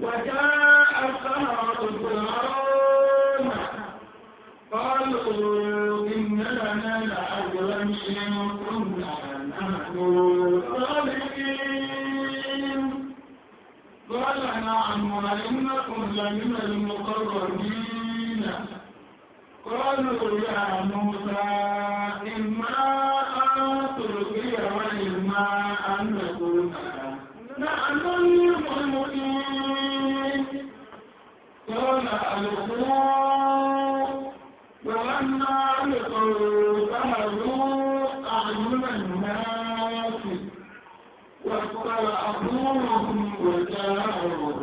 وجاء أصحاب القرآن قالوا إن لنا لأجرا إن كنا نحن الظالمين قال نعم وإنكم لمن المقربين قالوا يا موسى إما أن تلقي وإما أن نكون لأمير المؤمنين قال ألقوا ولما ألقوا فهدوا أعين الناس واطلع أخوهم وجاءوا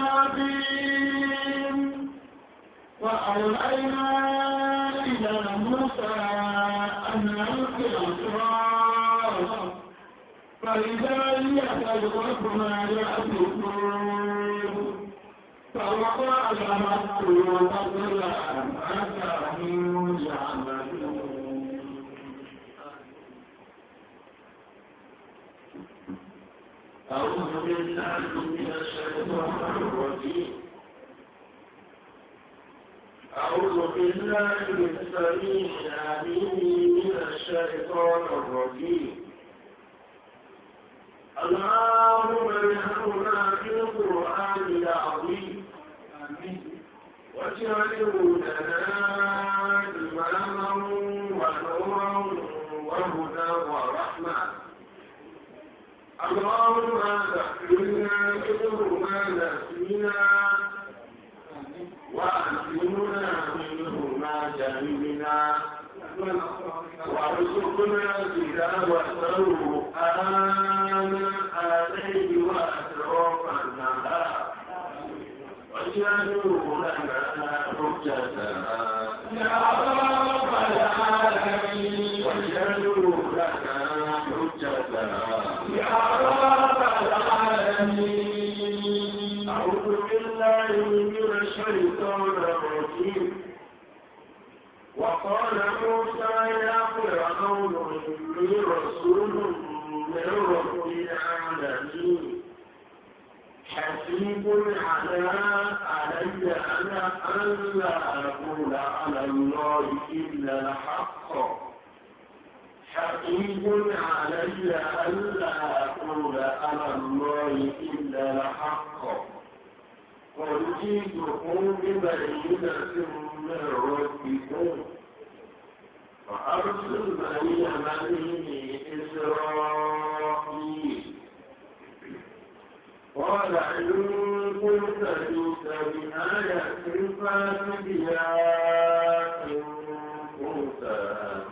عظيم وأوحينا إلى موسى أن ألقي أسرار فإذا هي تجرب ما يأتكم فوقع الأمر وقتل حتى من يعملون أعوذ بالله من الشيطان الرجيم أعوذ بالله السميع العليم من الشيطان الرجيم اللهم انهنا في القرآن العظيم واجعله لنا إماما ونورا وهدى ورحمة اللهم ذكرنا منه ما نسينا وأعلمنا منه ما جهلنا وارزقنا تلاوته آمين يجعلون لنا حجتنا يا رب العالمين واجعلوا لنا حجتنا يا رب العالمين أعوذ بالله من الشيطان الرجيم وقال موسى يا فرعون إني رسول من رب العالمين حسيب على علي أنا أن لا أقول على الله إلا الحق حقيب علي أن أقول على الله إلا الحق جئتكم ببينة من ربكم فأرسل بين بني إسرائيل قال إن كنت جئت بآية فأت بها إن كنت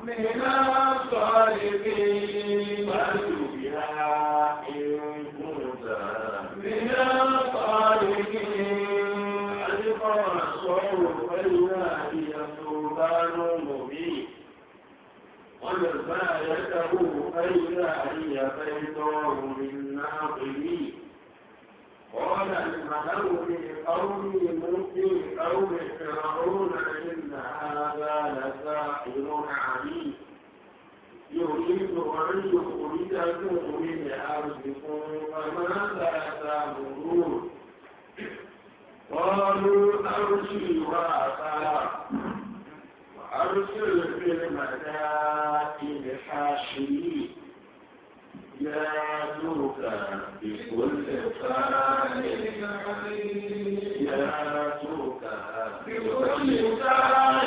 من الصالحين فأت بها إن كنت من الصالحين قد قال الصوم فإذا هي سلطان مبين قل فايته فإذا هي بيضاء من ناقلين قال الملو في قومي ملكي قوم فرعون إن هذا لساحر عليم يريد أن يخرجكم من أرضكم فماذا تأمرون قالوا أرسل وأرسل في المدائن حاشرين ياتوك بكل فان ياتوك بكل فان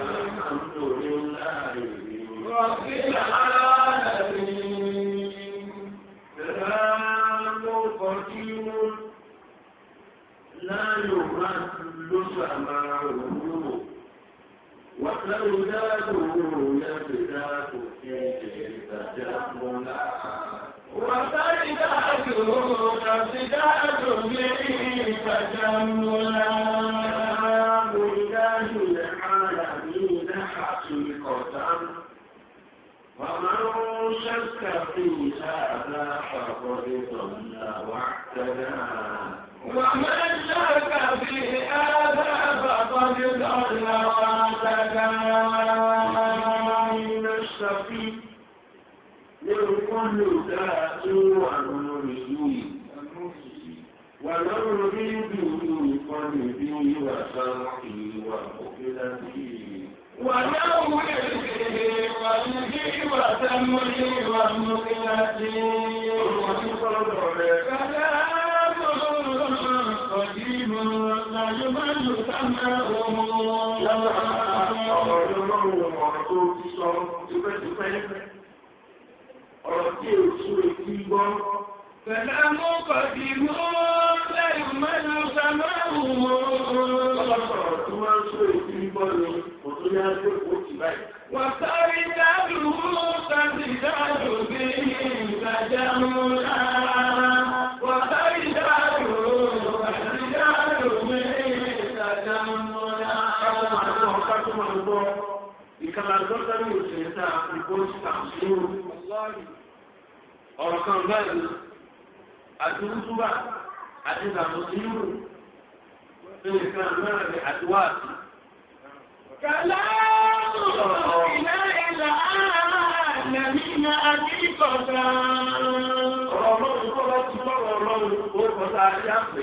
الحمد لله رب العالمين سلام قدير لا يغلق سماوات وخلولاده يبدأ تجملا تجملا إله العالمين حقيقة ومن شك في هذا فقد ضل واعتدى ومن شك في هذا فقد ضل واعتدى من الشقي لكل ذات ونور ولون بيدي قلبي وشرحي وقبلتي ولون بيدي قلبي وسمعي ومقلتي ومن صدرك كلام قديم àjùmọ̀jù sáfẹ́ òun. Lára àwọn ọ̀rọ̀ lọ́rùn ọ̀rọ̀ tó ti sọ tipẹ́tipẹ́. Ọ̀rọ̀ tí èso ètí gbọ́. Fẹ̀lámú kọ̀dí mú lẹ́yìn mẹ́lú sàmáhù. Ọlọ́sọ̀rọ̀ tí wọ́n ń sọ ètí gbọ́ ni kò tó yá pé kò tì báyìí. Wàtárí dáàbò mú sàtìdáàbò bí ìtajà mú lára. lọ́sẹ̀rì òṣèlú àpòlùkọ́síkà nínú ọ̀rọ̀ kan báyìí àti wútúbà àti ìdàmọ̀sílù nínú ìkan mẹ́rin àti wáàtí. Kàlá ìlà ìlà ànàmínà àti ìkọ̀ọ̀kan. Ọ̀rọ̀ ọlọ́run tó bá ti lọ́rọ̀ ọlọ́run ó kọjá ayé àpè.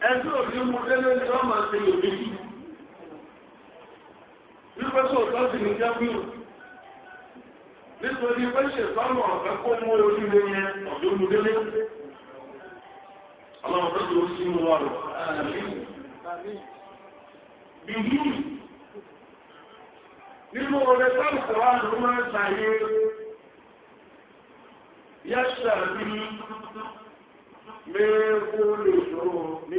ẹjọ́ òní mú délé ní ọmọ ṣe lè méjì wípé sóòtọ́ sì ní jẹ́bíù nítorí pé ṣètọ́nù ọ̀fẹ́ kó mú orí lé yẹn ọ̀dọ́ mú délé ọlọ́run tó tó sí mú wọ́n bìbí nínú ọ̀rẹ́ sáàlùkọ̀ wà ló máa ń ṣàyé yẹ́ṣà bí mẹ́ẹ̀kú lè ṣòro ní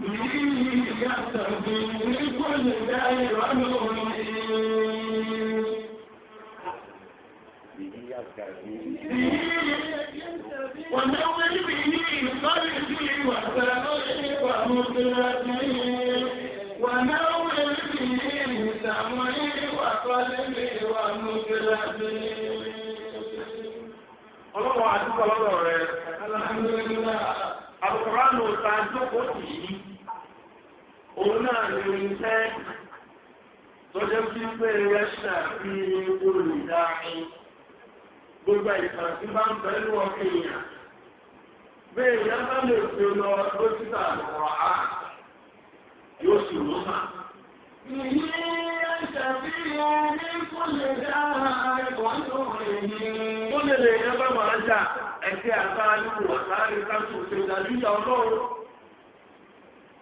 ونور به قلبي وسمعي ومدرتي ونور به سمعي وقلبي ومدرتي àdúgbò ọlọ́rọ̀ rẹ̀ alhamdulilayi alukuraanu jókòó tì òun náà ni oníṣẹ́ tó jẹ́ kí pé rẹ́ṣà fi olùdarí gbogbo ìtàn tí bá ń bẹ́ẹ̀ lọ́wọ́ kéèyàn bẹ́ẹ̀ yá bá lè fi lọ dókítà lọ́wọ́ á yóò sì mà. Ìyí kò lè dá tó ní. Kó lè lè bá máa jà àtàlù àtàlù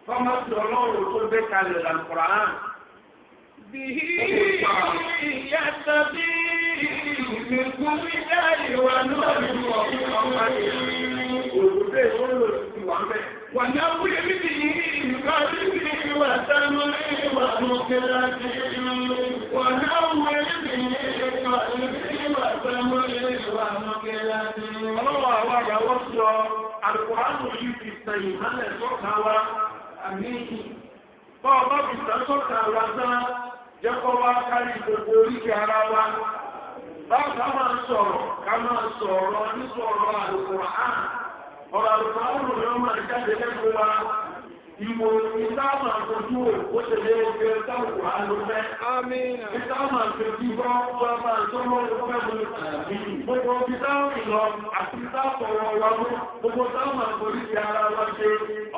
kọ́mọ sọlọ́run tó gbé kalẹ̀ lànkùrà hàn. Bìhí yàtọ̀ bí ìgbìkúnmí dáàlì wà lórí ọ̀hún ọ̀hún òwúrọ̀ ìwọ́n lò sí wà mẹ́. Wà ní abúlé mi ti yí ìgbà tí mi ti wà sánú ìwà mọ̀kẹ́lá sí i. Wà ní abúlé mi ti yí ìgbà tí mi ti wà sánú ìwà mọ̀kẹ́lá sí i. Ọlọ́wọ́ àwọn àgbà sọ àlùkò àlùkò yìí ti sẹ́yìn mọ́lẹ̀ tó kàn wá. àmìlì bá ọba bìtà sọ́kà wa náà jẹ́kọ́ wa kárí gbogbo oríkì ara wa bá ká máa sọ̀rọ̀ ká máa sọ̀rọ̀ nísọ̀rọ̀ àlùkò àrùn ọ̀rọ̀ àlùkò àrùn jáde wa. ìwò ìsáàmà ojú òkú ṣẹlẹ̀ ẹgbẹ́ sáàkù alùpẹ́. Amínà. Ìsáàmà ṣojú bọ́ wọ́n máa tó lọ́wọ́ fẹ́ mú ìsàlàyé. Gbogbo ìsáàmù lọ àti ìsáàmù ọ̀rọ̀ wa mú. Gbogbo ìsáàmù àkórí ti ara wa ṣe.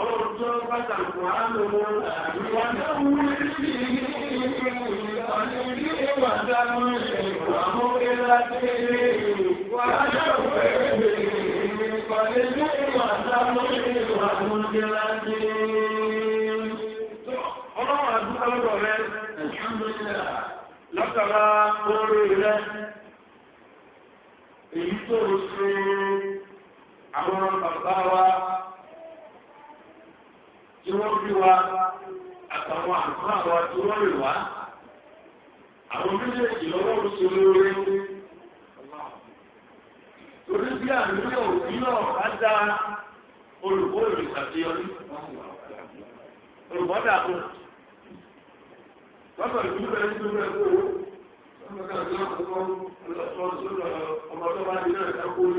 Ọlọ́run tó bá ṣàkù alùpẹ́. Ìwà náà wú sí ìwà dánú ìwà mú ilá délé. Wà á jẹ́ òfẹ́ ìwà dánú ìwà mú ilá délé. lọ́kàrá orí rẹ̀ èyí tó o ṣe àwọn bàbá wa tí wọ́n fi wa àtàwọn àǹfà wa tí wọ́n rìn wá àwọn méjèèjì lọ́wọ́ ń ṣe lóore torí bí àníyàn òbí náà bá dá olùkọ́ ìrìnsàtìyọrí olùkọ́ dàgbò. Bàbá ìlú bẹ̀rẹ̀ tó bẹ̀rẹ̀ kó o. Ọmọdé àti ọmọdé wa ní ẹ̀ka kó o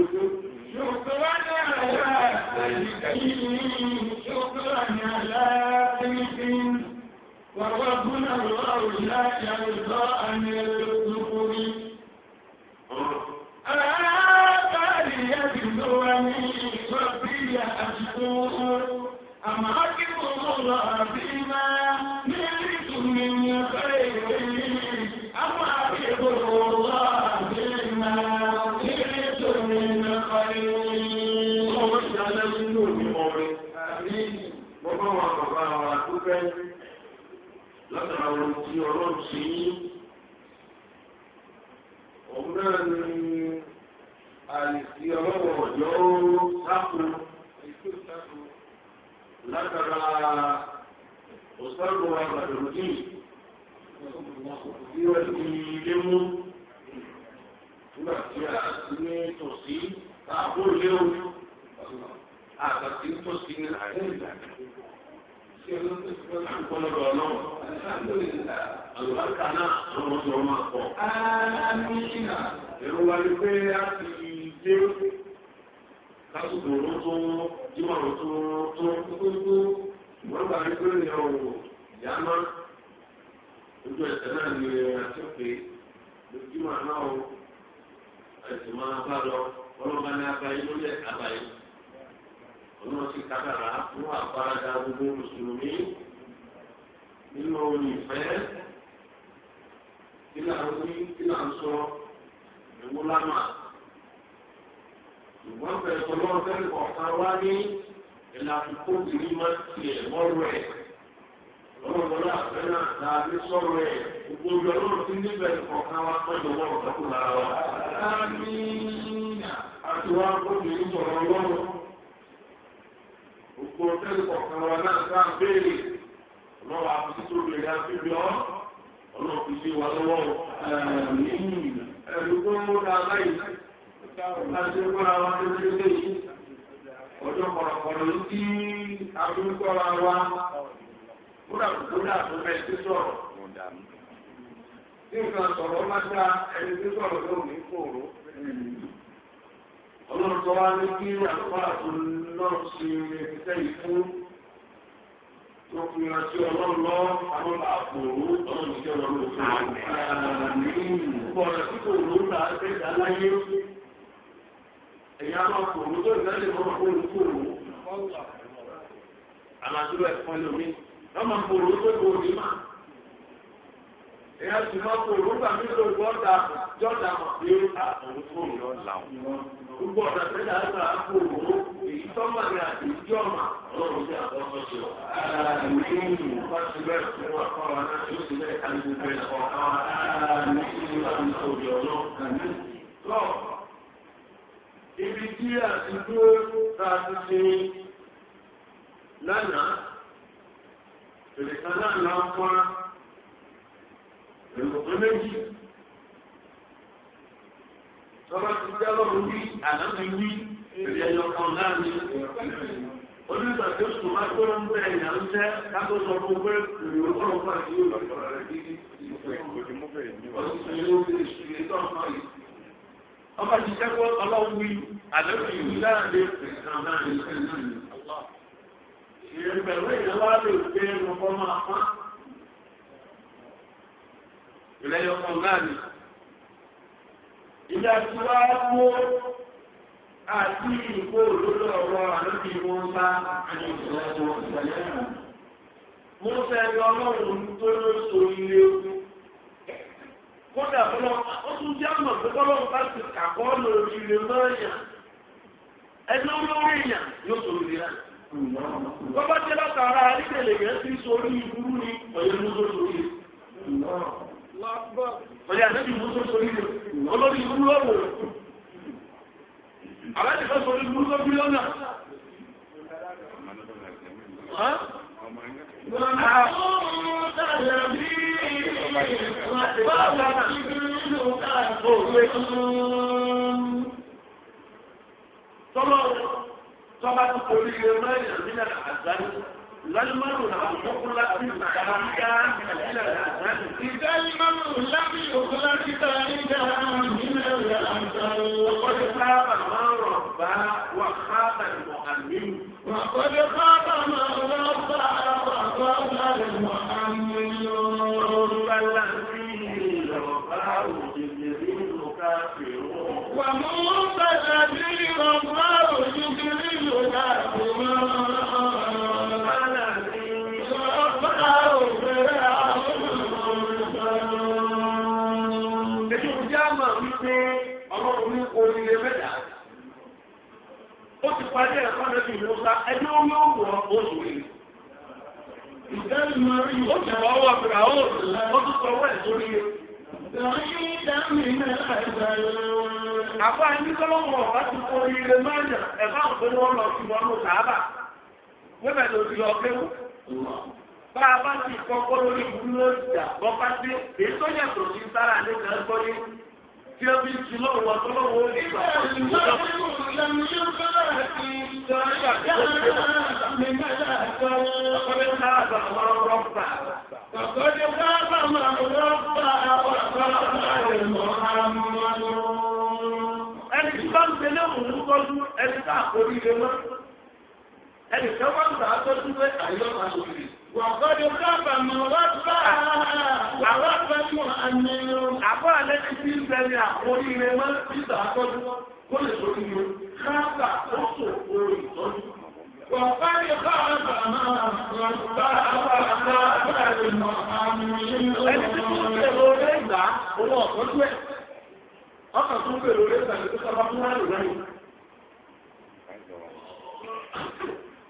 àbí máa ní من خير أما عبد الله بما جئت من خير Bọ́bá wa bàbá wa dúpẹ́ látara ohun tí ọlọ́run ṣe yín. Òun náà ni òṣèlú wa gbàdúrúdì yóò di ilé mú nígbà tí a ti ní tòsí àbó léwu àtàtì tòsí ní àyè ìlànà àkọlọ́dọ̀ ọlọ́run àlùbáríkà náà lọ́wọ́ tó máa pọ̀. àmìnà èrò wa ni pé a ti dé kásìkò ló tó jímọ̀ ló tó tó tó tó wọ́n gbà wípé ó yẹ ọ̀rọ̀ ìyá má ojú ẹsẹ̀ náà ní ìrìn àti òkè lójúmọ̀ náà ó ẹ̀sìn máa bá lọ ọlọ́ba ní abayé lórí àbáyé ọlọ́run sì kábàrà fún àgbàràdà gbogbo mùsùlùmí nínú orin ìfẹ́ kí là ń wí kí là ń sọ ìwúlámà ìwọ́n fẹ́ ọlọ́run fẹ́ kọ̀ọ̀kan wá ní ìlànà tó ti rí máa ń tiẹ̀ mọ́rọ̀ ẹ̀ lọ́wọ́ lọ́la àfẹ́nà láàbí sọ̀rọ̀ ẹ̀ gbogbo ọjọ́ lọ́rọ̀ tí níbẹ̀ kọ̀ọ̀kan wa pẹ̀lú ọmọ ìtọ́kù lára wa. àti wá obìnrin sọ̀rọ̀ lọ́rọ̀ gbogbo ọ̀tẹ́lẹ̀ kọ̀ọ̀kan wa náà sáà béèrè lọ́wọ́ àbútí tó béèrè àfihàn ọ́ ọlọ́ọ̀fi lé wa lọ́wọ́ ẹ̀ẹ́dùn tó ń mú dáa báyìí láti ẹgbẹ́ àwọn akẹ́kọ̀ọ́ ọjọ́ pọ̀lọpọ̀lọ ló bí arúgbó ara wa kódà kódà tó bẹ tó sọ̀rọ̀. Bí nǹkan sọ̀rọ̀ máa dá ẹni tó sọ̀rọ̀ lóhùn ní kòòró. Ọlọ́run tó wá ní kí àlùfáà tó náà ṣe iṣẹ́ yìí fún tó fi hàn sí ọlọ́run lọ àwọn àpòrò ọlọ́run ìṣẹ́ wọn lò fún wa. Àmì ìbọ̀rẹ̀ tí kò lóun là á láyé ẹ̀yà máa kò ní tó ìdájọ́ ìmọ̀ kó ní kó ní. àmàdúró ẹ̀fọn ló mi wọ́n máa kò ní tó kò ní mà. ẹ̀yà sì máa kò ní gbàmí ló gbọ́ ọ̀dà jọ́dà mọ̀ pé àwọn kò ní ọ̀là wọn. gbogbo ọ̀dà tẹ́lẹ̀ àgbà kò ní èyí tọ́mà ní àti ìjọ mà lọ́rùn sí àtọ́kọ́ sí ọ. Lọ́ọ̀ ibi tí a ti dúró tá a ti ṣe lánàá ìrìkà náà la ń pa ìrìkà méjì tọ́lá ti dá lọ́rùn wí àlàmì wí ìrìnàjò kan náà ni onígbà tó sùn máa tó ń bẹ ẹ̀yà ń tẹ́ kátó sọ fún pé ìrìnàjò kan náà ni yóò lọ sọ̀rọ̀ rẹ̀ bí i. ọ̀sùn yóò fi ìṣúlẹ̀ tó ń bá ọba ti sẹ́kọ̀ọ́ ọlọ́run wí àdéhùn ìlú láàrin ẹ̀sìn kan náà ní ẹ̀sìn náà ní ọlọ́. ìrìnbẹ̀rù èèyàn wá lè gbé ọkọ̀ máa pọ́n. ìrẹ́yọ̀ kan náà ní. ìjà tí wá mú àti ìkó òdodo ọ̀rọ̀ àlọ́bí wọn bá àti ìṣòro ìṣẹ̀lẹ̀. mo fẹ́ lọ́lọ́run tó ló ilé ogun kódà bọ́lọ́ ó tún jẹ́ àmọ̀ pé bọ́lọ́ bá ti kàkọ́ lórí ilé mọ́ọ̀yà ẹni olórí èèyàn yóò sọ̀rọ̀ ìlera. bọ́bá jẹ́ látara àríkèlè yẹn ti sọ orí ìburú ni ọ̀yẹ́ mú tó sórí rẹ̀. ọ̀yẹ́ àtẹ́bí mú tó sórí rẹ̀ olórí ìburú ọ̀wọ̀. àbẹ́tẹ̀ fẹ́ sọ ìburú tó bí lọ́nà. Àwọn ọmọ ẹgbẹ́ tọ́lọ́ tọ́ba tó torí rẹ̀ mẹ́rin nínú àgbáyé lálùmọ́rù làwọn ọkùnrin láti ìtàkà nígbà nínú àgbáyé. ìdálùmọ́rù láti òkun láti ta nígbà nínú àgbáyé. ọkọ̀ ti sábà máa ń rọ̀ bá wà sábà mọ̀ àmì. وقد خاب من رفع وقال المحمل وموسى الذي رفعه جبريل كافر ó ti parí ẹ̀kọ́ lẹ́bí ìlúta ẹni ó yóò wọ oṣù rẹ̀. ìdánimọ̀ rí ó ti wọ́ wọ́ fìrà ó ó tún sọ wọ́ ẹ̀sọ́ rí Àbá ẹni tọ́lọ́wọ́ ọ̀rá ti kó ire mẹ́rin ẹ̀fà òfin wọn lọ sí wọn ló sàábà. Wẹ́bẹ̀ ló ti lọ kéwù. Bá a bá ti kọ́kọ́ lórí ìlú ló jà bọ́ bá dé, èyí tó yẹ̀ tó ti sára lé kan gbọ́ yé tí ó fi jù lọ́wọ́ tó lọ́wọ́ ní ìgbà Ẹni tí bá ń tẹ̀lé òun tọ́jú ẹni tá àkórí rẹ̀ mọ́. Ẹni tí wọ́n ń tà á tọ́jú pé àyọ́ máa ń wòlé. Wa kábà mọ̀ wọ́pá tó ń bẹ̀rẹ̀ orí ìgbà tó fún lẹ́yìn.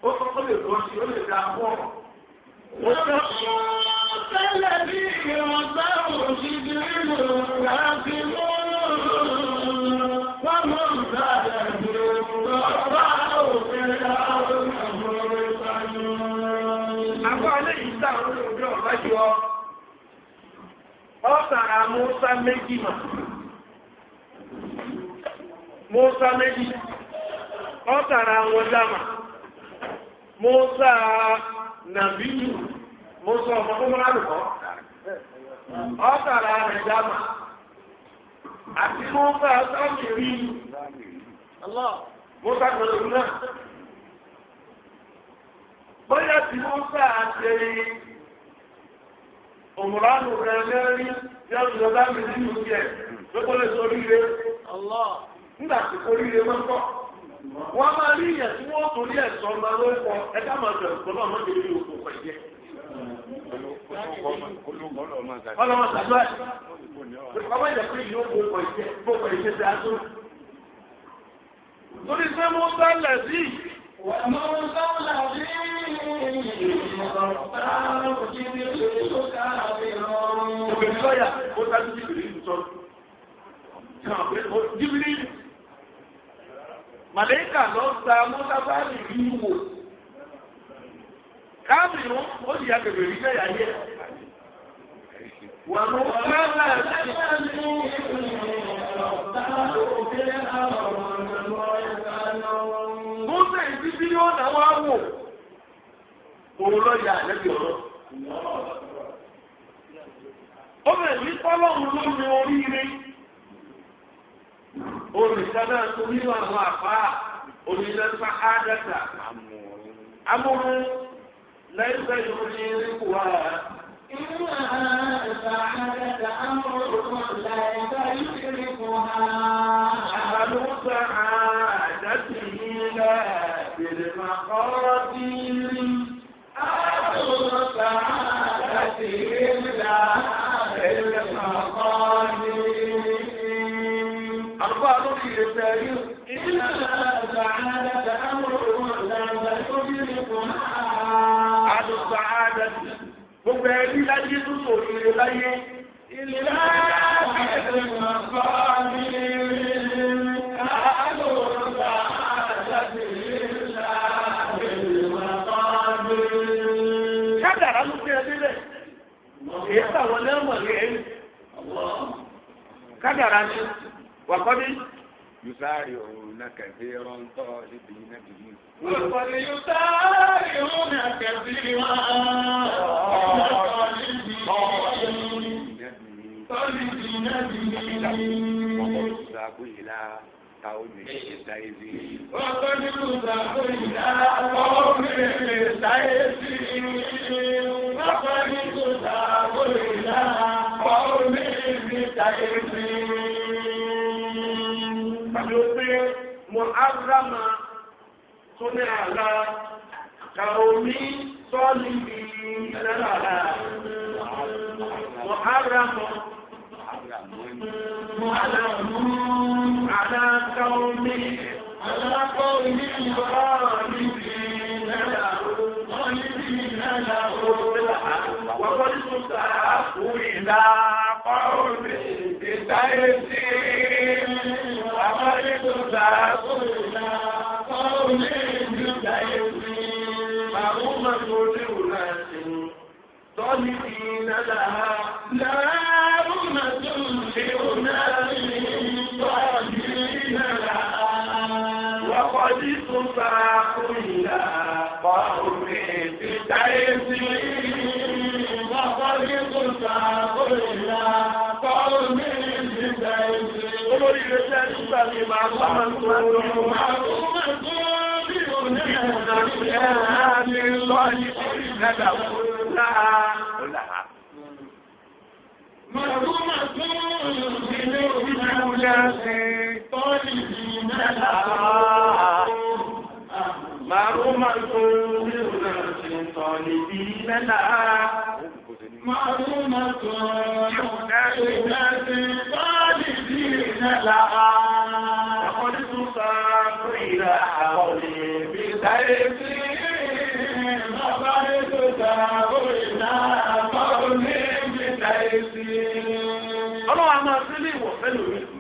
Ó kọ́kọ́ lè sí, ó الذي رفعه جبريل ناقمون ومن بعده رفعه فرعون مرسلون. àbọ̀ alẹ́ na yù mo sọ ọmọ tó múra lùkọ́ ọ̀tàrà a dáàmà àti ń bá sáàmì rí mo sàgbọ̀n lòun náà bóyá ń bá ṣe òmùránù rẹ̀ lẹ́rìí yọ̀ọ́ ìjọba mi nínú ti lókòlè sórí rí wọ́n máa rí ìyẹn tí wọ́n torí ẹ̀ sọ ọmọ lórúkọ ẹ ká máa bẹ̀rù pẹ̀lú ọmọ ìdílé òkú ọkọ̀ ìdílé. ọlọ́mọ sàdúrà ọmọ ìjẹ̀kú ìdílé òkú ọkọ̀ ìdílé ọkọ̀ ìdílé ti aṣọ. torí pé mo bá lẹ̀ sí. mo bá lẹ̀ sí. òbí lọ́yà ó dájú bíbélì ń sọ. màlẹ́kà lọ gba mọ́sáfárì yìí wò káàmìnú ó sì yà rí bẹ́ẹ̀ yáyé. wà ló bá wà láti bá mi ní ọ̀tá òkè àwọn ọ̀nà ọ̀gá náà. mọ́sẹ̀ ìdíbí yóò náà wò òun lọ yà lẹ́bi ọ̀rọ̀. ó bẹ̀rẹ̀ ní ló oríire. olùsọ́nà onílù àwọn àbá olùsọ́nà àádọ́ta amúrú lẹ́yìn bẹ́ẹ̀ yóò ní ríkù wá. Inú àgbà àgbàdà amúrú lẹ́yìn bẹ́ẹ̀ yóò ní ríkù wá. Àlùkò àdàtì yìí lẹ́ bèrè máa kọ́rọ́ sí rí. Àlùkò àdàtì yìí lẹ́ bèrè máa kọ́rọ́ sí يبتغي إلا سعادة أمر لا بل تدركها أهل السعادة gbogbo ẹbí láyé tó sòrò rẹ láyé. ìlera àti màmá mi káàló bá àjàdé ńlá rẹ màmá mi. kádàrá ló gbé ẹbí lẹ èyí tàwọn lẹ́wọ̀n rẹ̀ kádàrá ni wàkọ́bí yusari òun kẹfì rọntọ ibi nàbí yìí. Olùkọ́ni yusari òun kẹfì rọntọ ibi nàbí yìí. Ọkọ̀ tuntun àgbóyè la ta ó lè ṣe sáyézì. Ọkọ̀ tuntun àgbóyè la ta ó lè ṣe sáyézì. Ọkọ̀ tuntun àgbóyè la ta ó lè ṣe sáyézì mi ó pé mo árámà tó ní àlá kàómi sọ́ọ̀lì mi lẹ́làlá mo árámà mo árámà àlá kàómi àlá kàómi sọ́ọ̀lì mi lẹ́làlá sọ́ọ̀lì mi lẹ́làlá wọ́n kọ́ ní sùn sáà fún ìlà kọ́ọ̀mì ìdáyé sí i. ظالمين لها نار تنفئ نار ظالمين لها وقد تفاق إلى قوم بتيسير وقد تفاق إلى lórí ilé iṣẹ́ nígbà mi máa bá máa tó máa tó máa tó máa tó bí òun ní ìmọ̀nà ẹ̀ á ní lọ́ọ̀lì orí ìgbàgbà fún láà. Màdú màdú ilé òun ní ìmọ̀nà ẹ̀ tọ́lì ìmọ̀nà. معلومة للشيطان دين لها معلومة للشيطان دين لها وقد تصاب إلى حولي بسيفي وقد تصاب إلى حولي بسيفي. ọlọ́wọ́ a máa sílé ìwọ̀fẹ́ lórí.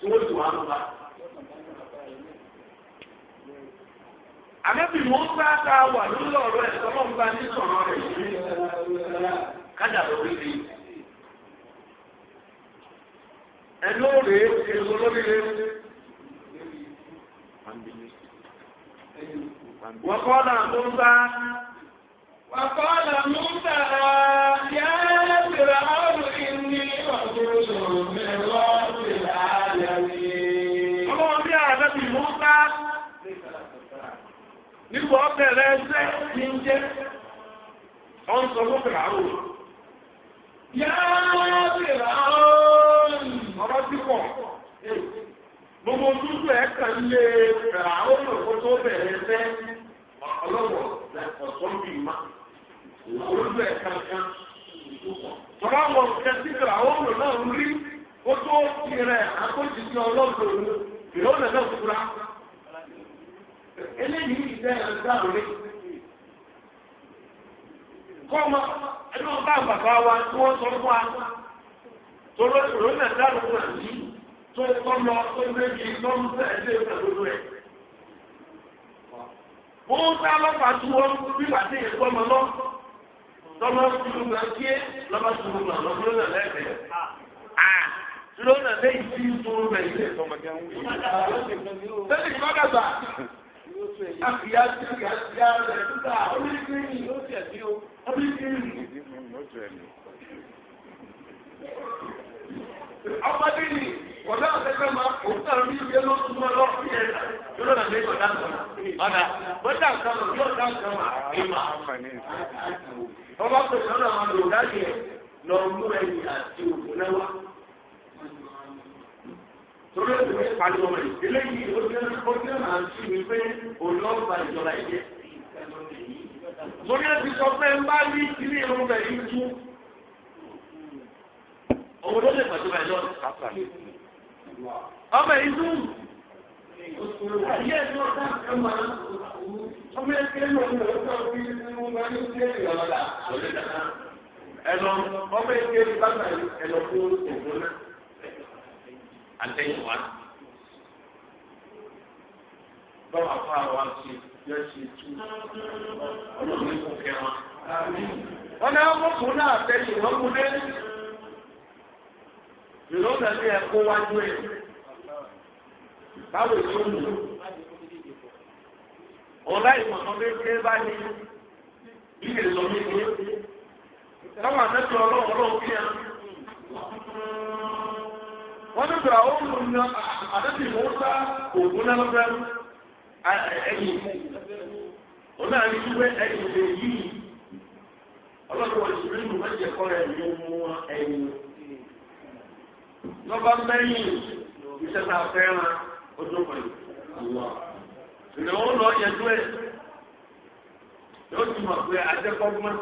tí wọ́n ti wà ń bá. àbẹ́bí wọn bá ta wà lórí ọ̀rọ̀ ẹ̀ tọ́lọ́ ń bá ní sọ̀rọ̀ rẹ̀ yìí kádà lórí rí. ẹnu rèé èrò lórí rèé. wọ́n kọ́ ọ̀nà tó ń bá. wọ́n kọ́ ọ̀nà mú bàá. nígbà ọbẹ̀rẹ̀ ẹsẹ̀ ti ń jẹ́ ọ̀n sọ fún fìràwọ̀. Yá fìràwọ̀ ọ̀rọ̀ ti pọ̀. Gbogbo dúdú ẹ̀ kàn lé fìràwọ̀ lòkó tó bẹ̀rẹ̀ ẹsẹ̀ ọlọ́wọ̀ ọ̀sán bíi má. Olódú ẹ̀ kankan. Tọ́lá wọn kẹ́ sí fìràwọ̀ lò náà rí. Ó tó tirẹ̀ àkójì sí ọlọ́dún. Ìrọ̀lẹ́ náà fura eléyìí ìfẹ́ ẹ̀ ń dáhùn ní. kọ́ ọmọ ẹni wọn bá bàbá wa tí wọ́n sọ fún wa torí òun náà dáhùn náà yìí tó kọ́ lọ tó ń débi tó ń bẹ̀ ẹ́ lé ìgbàlódé rẹ̀. wọ́n dá lọ́pàá tí wọ́n bí wàtí yẹn kọ́ ọmọ lọ tọ́lọ́ tuntun náà kíé lọ́pàá tuntun náà lọ́pàá náà lẹ́sẹ̀ lónà lẹ́yìn tí ń tún lẹ́yìn. Tẹ́lẹ̀ ìgbọ́dọ̀ gbà àkìyà sí àkìyà sí àrẹ dúkà oníkìrì ló tẹ̀ sí o oníkìrì. ọmọdé ni kọ̀dá àtẹ́gbẹ́ máa kó sọ̀rọ̀ bí ìwé ló tún mọ́ lọ́wọ́ sí ẹ̀dá yóò lọ́nà lé kọ̀dá sọ̀rọ̀ ọ̀dà bọ́dà sọ̀rọ̀ yóò dá sọ̀rọ̀ ìmọ̀. ọmọ kò sọ̀rọ̀ àwọn lòdà yẹ lọ mú ẹ̀yìn àti òkú náà wá torí ẹ̀sìn mi pàdé ọmọ yìí eléyìí ó jẹ́ ó jẹ́ màá sí mi pé olóògbà ìjọba ìjẹ́. torí ẹ̀sìn sọ pé ń bá rí ilé irun bẹ̀ yìí tú. òun ló lè pàdé ọmọ ẹ̀jọ́ ọmọ yìí tú. ayé ẹ̀jọ́ ká ẹ̀ máa ọmọ ẹ̀kẹ́ ló ń lọ sọ fún mi ní wọn bá ní ilé ìrọ̀lá. ẹ̀lọ́ ọmọ ẹ̀kẹ́ ló bá bàyìí ẹ̀lọ́ fún òfin náà. àtẹ̀yìn wá. Báwa fún àwọn ṣe yọ ṣe tú olóògbé kò fẹ́ wọn. Wọ́n náà wọ́n kún náà àtẹ̀yìn wọ́n kún dé. Ìlọ́gbà ní ẹ̀kọ́ wájú ẹ̀. Báwo ni ó lù? Ọ̀la ìmọ̀tàn kékeré bá ní ilé lọ ní ilé. Táwọn àtẹ̀tẹ̀ ọlọ́run ọlọ́run kí ẹ. wọ́n ní bẹ̀rẹ̀ àwọn olùrànà àdébí ìmọ̀ọ́sá ògùn náà lọ́fẹ́ ẹ̀yìn òun náà ní wípé ẹ̀yìn lè yí ọlọ́dún wọn ìṣúlẹ̀ ìlú méjì ẹ̀kọ́ rẹ̀ ní mú ẹ̀yìn lọ́ba mẹ́yìn iṣẹ́ tá a fẹ́ràn ojú pẹ̀lú ìnáwó lọ yẹjú ẹ̀ yóò ti mọ̀ pé ajẹ́kọ́gbọ́n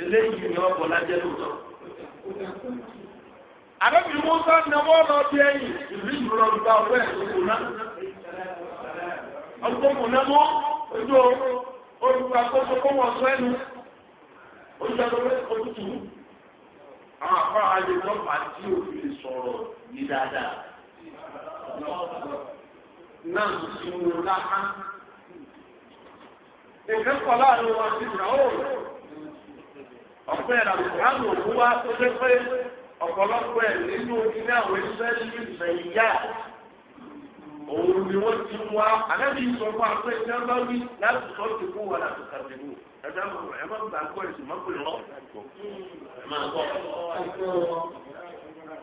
eléyìí ni ọ̀bọ̀n lájẹ́ lóòótọ́. àdóbi musa nàwọ́ lọ bí ẹ̀yìn ìlú ìrọ̀lọ́ gba owó ẹ̀ tó kùnà ọgbọ́n kùnà mọ́ ojú olùgbàkóso kó wọ́n sọ ẹnu olùgbàkóso kó tutù àwọn afọ àjẹ lọ́pàá tí òfin sọ̀rọ̀ ní dáadáa náà ti mú lápá nǹkan kọ̀ láàrin wọn ti rà ó ọ̀pẹ́ ìrànlọ́wọ́ àti òkú wa tó dé pé ọ̀pọ̀lọpọ̀ ẹ̀ nínú ilé àwọn ìfẹ́lú ìfẹ̀yà òun ni wọ́n ti wá àdábì sọ fún tí wọ́n bá wí láti sọ ti kú wa láti ka ti ẹ̀dá mọ̀ ẹ̀ má gba akọ́ ẹ̀sìn má pè lọ́ ẹ̀ má gbọ́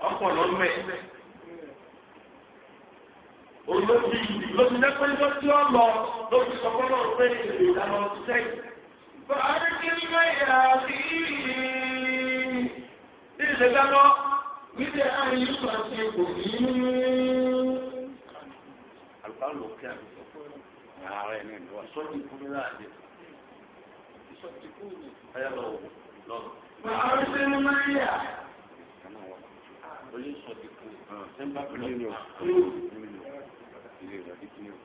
ọkọ̀ lọ mẹ́ olóbi lóbi dẹ́pẹ́ lọ́sí ọ̀lọ́ lóbi sọ̀kọ́lọ́ pé ìlú ìdáná sẹ́yìn. bàálù kí ni bẹ́ẹ̀ yà á rí i. Ní dáná, wíjẹ àyè ìgbà ṣe kò ní. Àlùfáà lò kí àdúgbò ààrẹ ní ìlú wa sọ́jú kúrú láàdé. Sọ́jú kúrú ní. Ayá lọ wò lọ. Mà á rí sẹ́nu máa ń yà. Kàmá wà. Olú sọ́jú kúrú. Sẹ́ńbà kúrú ní o. Ilé rẹ̀ di kúrú.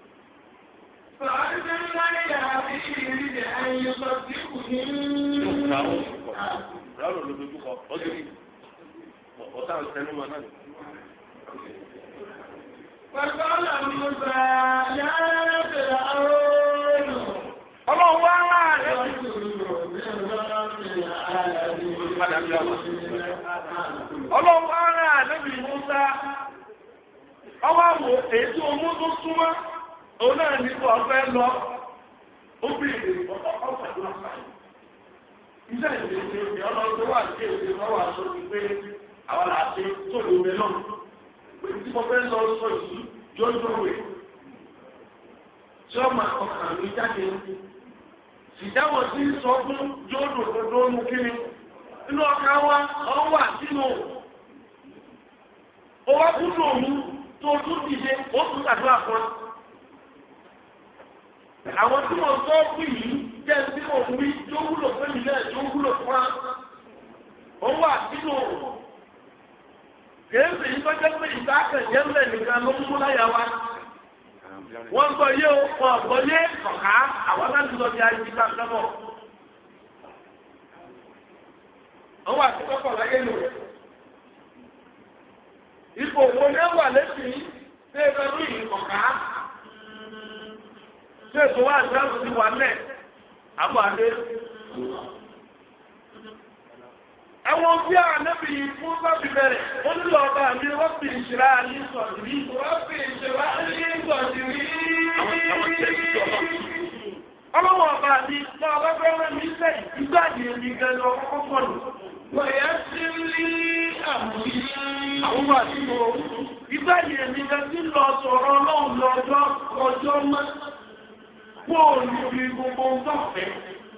Fàájú máa ń yà bí ìrìnlẹ̀ àyè sọ́jú kúrú. Yóò ká òun kọ̀. Ráàlú ló dojú kọ. Ó ti ọ̀tá ìṣẹ́nu mọ́ náà. Pẹ̀lú Musa yára rẹ̀. Musa. Ọwọ́ èyí tí tó súnmọ́, òun náà ní ọ̀fẹ́ lọ. Ó bí ìrìn Iṣẹ́ ìrìn ìrìn wà èdè lọ́wọ́ àṣọ àwọn àti tó lè wẹ náà pẹ̀lú tí mo fẹ́ lọ sọ yìí jọjọ wẹ̀ tí ọmọ ọkàn mi jáde sìdáwọ̀ sí sọ fún jọ́dọ̀ tó ń kí ni inú ọkà wa ọ̀n wà sínú ó wá kúndùn òun tó tún dìde ó tún tàdúrà fún wa àwọn tí wọn sọ fún yìí jẹ tí wọn wí tó wúlò fún mi náà tó wúlò fún wa ó wà nínú kèé sì yí tọ́jọ́ nìkan ló ń mú láyà wa wọ́n gbọ́ yé o wọ́n gbọ́ yé kọ̀ọ̀ká àwọn náà ti ayé sọ́mọ̀. láyé lò ipò wo ni wà lẹ́sìn ṣé ẹ ṣé ètò wa àti àwọn bí ànábì yìí fún sábì bẹ̀rẹ̀ ó ní lọ́ọ̀bà mi wọ́n fi ìṣẹ̀lá ní sọ̀tìrí. wọ́n fi ìṣẹ̀lá ní sọ̀tìrí. ọlọ́wọ́ ọba mi lọ ọba fẹ́ rẹ́ mi sẹ́ ìgbà yẹn mi gan lọ kọ́kọ́ pọ̀ lù. bọ̀yá sí rí àmúrí. àwọn àti mo ìgbà yẹn mi gan ti lọ sọ̀rọ̀ ọlọ́run lọ́jọ́ ọjọ́ mọ́. bóòlù ni gbogbo ń bọ̀ fẹ́.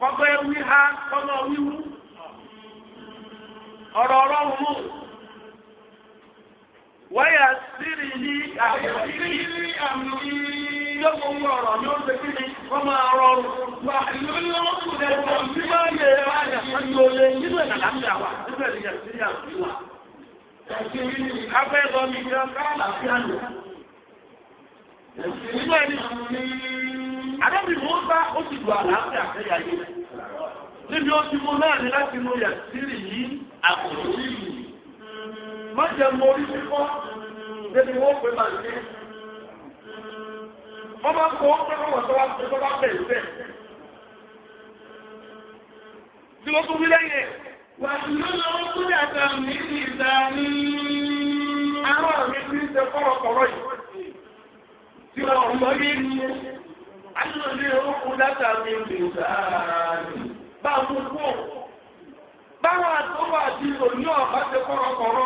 kọ́kọ́ ẹ ha kọ́mọ wíwú ọ̀rọ̀ ọ̀rọ̀ mú wáyà sírì ní àmì yóò gbogbo ọ̀rọ̀ yóò ṣe kí ni wọ́n máa rọrùn. wà lórí ọrụ kù lẹ kọ nínú àdébì mọ́tà ó ti lu àlàáfíà àkẹyà yìí níbi ó ti mú náà ní láti mú yà sírì yìí àkòrò yìí má jẹ mọ orí fífọ́ débi wọ́n pè máa ṣe wọ́n bá kọ́ ọ́n pẹ́kọ́ wọ́n tó bá bẹ̀ bẹ̀ tí wọ́n tún wí lẹ́yìn wà lónà ó tún yàtọ̀ ní ìdáni àwọn àmì tí ń ṣe kọ́rọ̀kọ́rọ̀ yìí tí wọ́n mọ̀ yé ni àtúntò òkú dáta mi lè sáàánì bá mú kú báwọn àtọwọ àti òní ọba ti kọrọkọrọ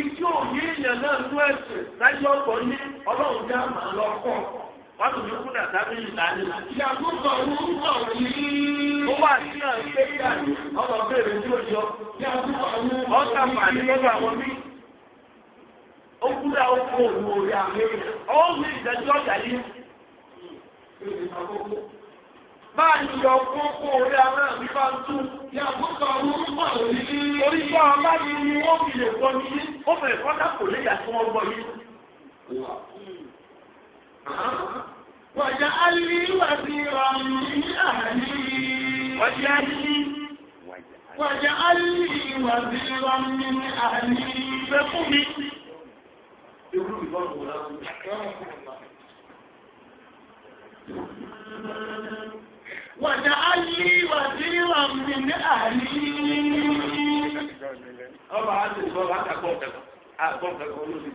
ìtí òní èèyàn náà ló ẹsẹ láyé ọkọ ní Ọlọ́run wọn tún kú orúkọ yìí. ó wà sí ọlọ bèrè tí ó yọ. ìyàgò sọ̀rọ̀ lọ́dọ̀ àwọn mí. ó kúrò Báyìí lọ fún kó orí ara mi bá ń tún. Yàgò kan orúkọ òní. Orí bá a bá mi ni wọ́n fi lè gbọ́ mi. Ó fẹ̀rẹ̀ kọ́tà kò lè yà tí wọ́n gbọ́ mi. Wàjà Ali wà sí Rami Àhàlí. Wàjà Ali. Wàjà Ali wà sí Rami Àhàlí. Fẹ́ fún mi. Irú ìbọn wò lásán. واجعل لي وزيرا من أهلي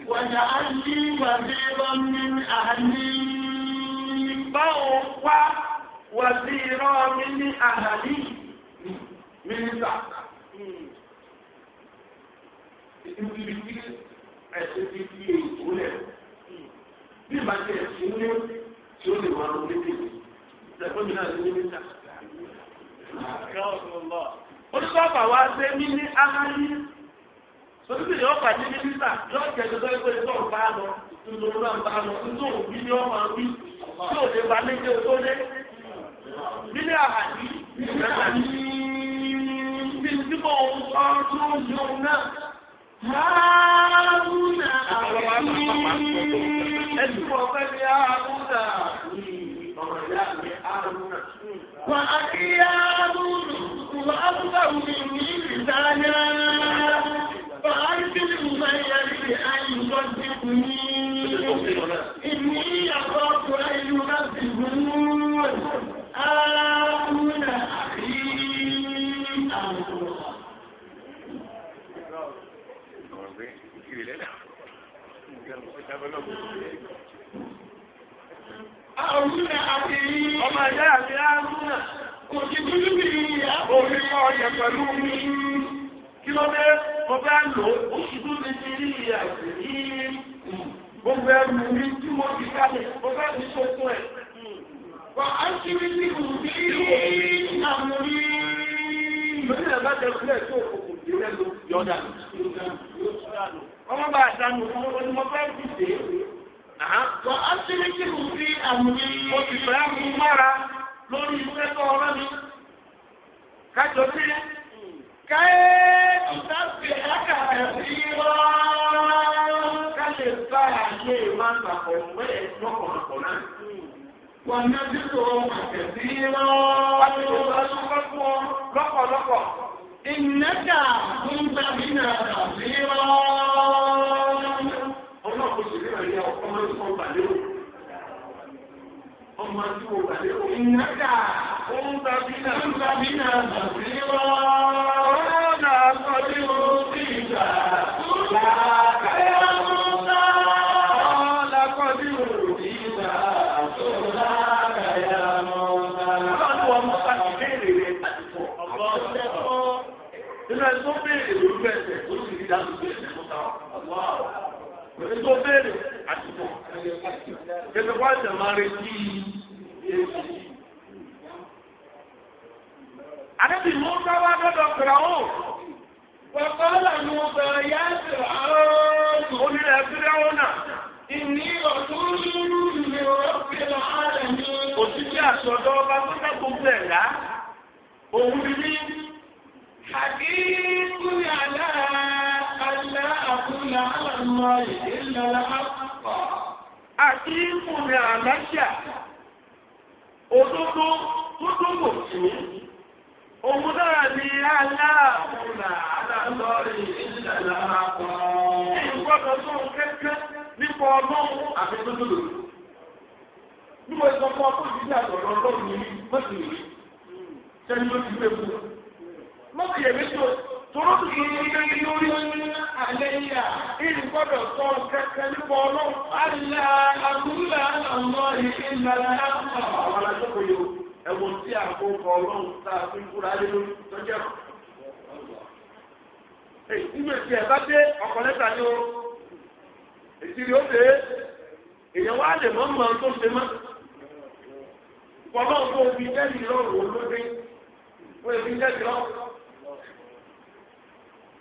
واجعل لي وزيرا من أهلي báwo wá wàbí irọ́ ní àhàlì mínísà. Ibi ẹ̀sìn ti fi èyí lẹ̀. Bí ẹ̀sìn tí ó lè máa lọ lédè mi ṣẹ̀fọ́n mi náà ní mínísà. onígbàgbà wa ṣe mí ní aláyé sotigi yóò fà ní mínísà yóò jẹ gbogbo ẹgbẹ́ tó ń bá lọ tuntun náà ń bá lọ tuntun òbí ni ó máa wí tí ò lè ba lédè tó lé nílé àhàdí ìgbàgbà ní bí mo ń sọ tó yọ náà. Haruna ẹ̀sùn ọ̀fẹ́ ni Haruna ọmọ ìyá mi Haruna. Wà á kí Haruna wà á tún bá wùmí mi ìdáná. Wà á tún bí mo máa yẹ kí ayé lọ sí mi. Ìní àkọ́kọ́ ayé lọ sí mi. Haruna. Àrùnà àti ọmọ ẹ̀dá àti àrùnà kò sí dúdúbì ìyá omi kọ́ ọ̀yẹ̀ pẹ̀lú Kí ló dé? Mo lò ó sì tún lè fi rí ìyá mi tí mo ti kalẹ̀, mo bá mi sokun ẹ̀. Wà á ṣí mi sí ìrùbí àmúrí. Lórí ẹ̀ bá jẹ́ sílẹ̀ tó òkùnkùn dé lẹ́nu yọ̀dà. ọmọ bá àṣàmù fún onímọ̀fẹ́ dìde. Wọ́n á ti ní kí n fi àmì òṣìṣẹ́ mú mára lórí Kájọ sí. Káyé wá. bá ọ̀pọ̀lọpọ̀ náà. Wọ́n ní tó Wọ́n ti lọ́pọ̀lọpọ̀. ìnáka ń gba bínà àbíwá. ọmọ àkóso ní ìrànlẹ́ ọkọ máa ń sọ gbàlérò. ọmọ tí mo gbàlérò. ìnáka ń gba bínà ń gba bínà àbíwá. ọ̀rọ̀ náà sọ bí o ti gbà. dáhùn bí ẹ̀sìn mú táwọn ọ̀wọ́ òní tó béèrè àtìkò kẹfẹ́ wá jẹ̀ máa retí èsì. àdébì mú káwá dọ́dọ̀ kìrà ó wàkọ́lá ni mo bẹ̀rẹ̀ yá ẹ̀sìn àárọ̀ onílẹ̀ ẹ̀sìn àwọn náà. Ìní ọ̀tún ní ọ̀pẹ̀ láàárín. Òṣìṣẹ́ àṣọ̀dọ́ ọba tó dá gbogbo ẹ̀ lá. Òun ni ní حديث على ألا أقول على الله إلا الحق حديث على شأن òdodo tó tó kò sí òun náà ni aláàbùnà aláàlọ́rì ìlànà àpọ̀. ìgbọ́dọ̀ tó ń kẹ́kẹ́ nípa ọlọ́run àti tótólò. bí mo sọ fún ọ tó ti dàgbọ̀ lọ́lọ́run yìí mọ́tò ti gbé fún un mo fi èmi tó tóró tó tó tó lé lórí alẹ́ yíyà ìlú gbọ́dọ̀ sọ kẹkẹ nípa ọlọ́run. alẹ́ àbúlé àlọ́ ìlà àpá. àwọn alájọpọ̀ yòó ẹ̀wọ̀n tí àkókò ọlọ́run tá a fi ń kúra lé lórí tọ́jú ẹ̀kọ́. ìgbè tí ẹ bá dé ọkọ̀ lẹ́tà ni o ìṣirí ó dé èèyàn wá lè mọ́ mọ́ tó ṣe mọ́. ìpọ́nlọ́run tó fi jẹ́rìí lọ́rùn olóde wọ́n èmi jẹ́rìí lọ́rùn.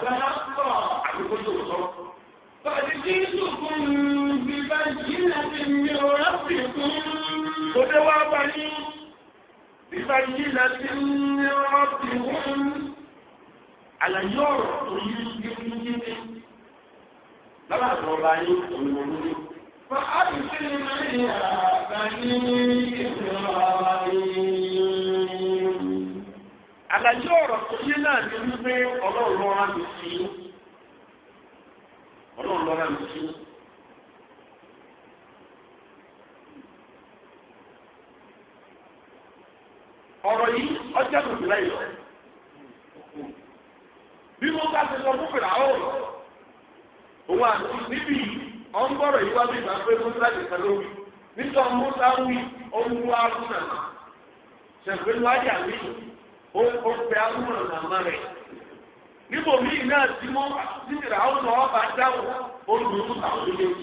aláàbọ̀ àdúgbò tó sọ. Fàdíjì sùkún bí bá jìnnà ti mi ò rábì kún. Òde wá bá ní bí bá jìnnà ti mi ò rábì kún. Àlàyé ọ̀rọ̀ tó yí yíyí ní. Bàbá àtọ̀rọ̀ bá àlàyé ọ̀rọ̀ tó yé náà ni wípé ọlọ́run lọ́ra mi sí i ọlọ́run lọ́ra mi sí i. ọ̀rọ̀ yìí ọjọ́ tòbí láyé lọ. bí mo bá ti sọ fún fìlà ọ̀ òun àti níbí ọ̀nbọ̀rọ̀ yìí wá bí ìgbà pé ti sọ lórí nítorí wí wá ó pẹ amúnà rẹ̀ níbo míì náà tí mo ti rà ó ọba dáwọ ó lù ú àwọn ó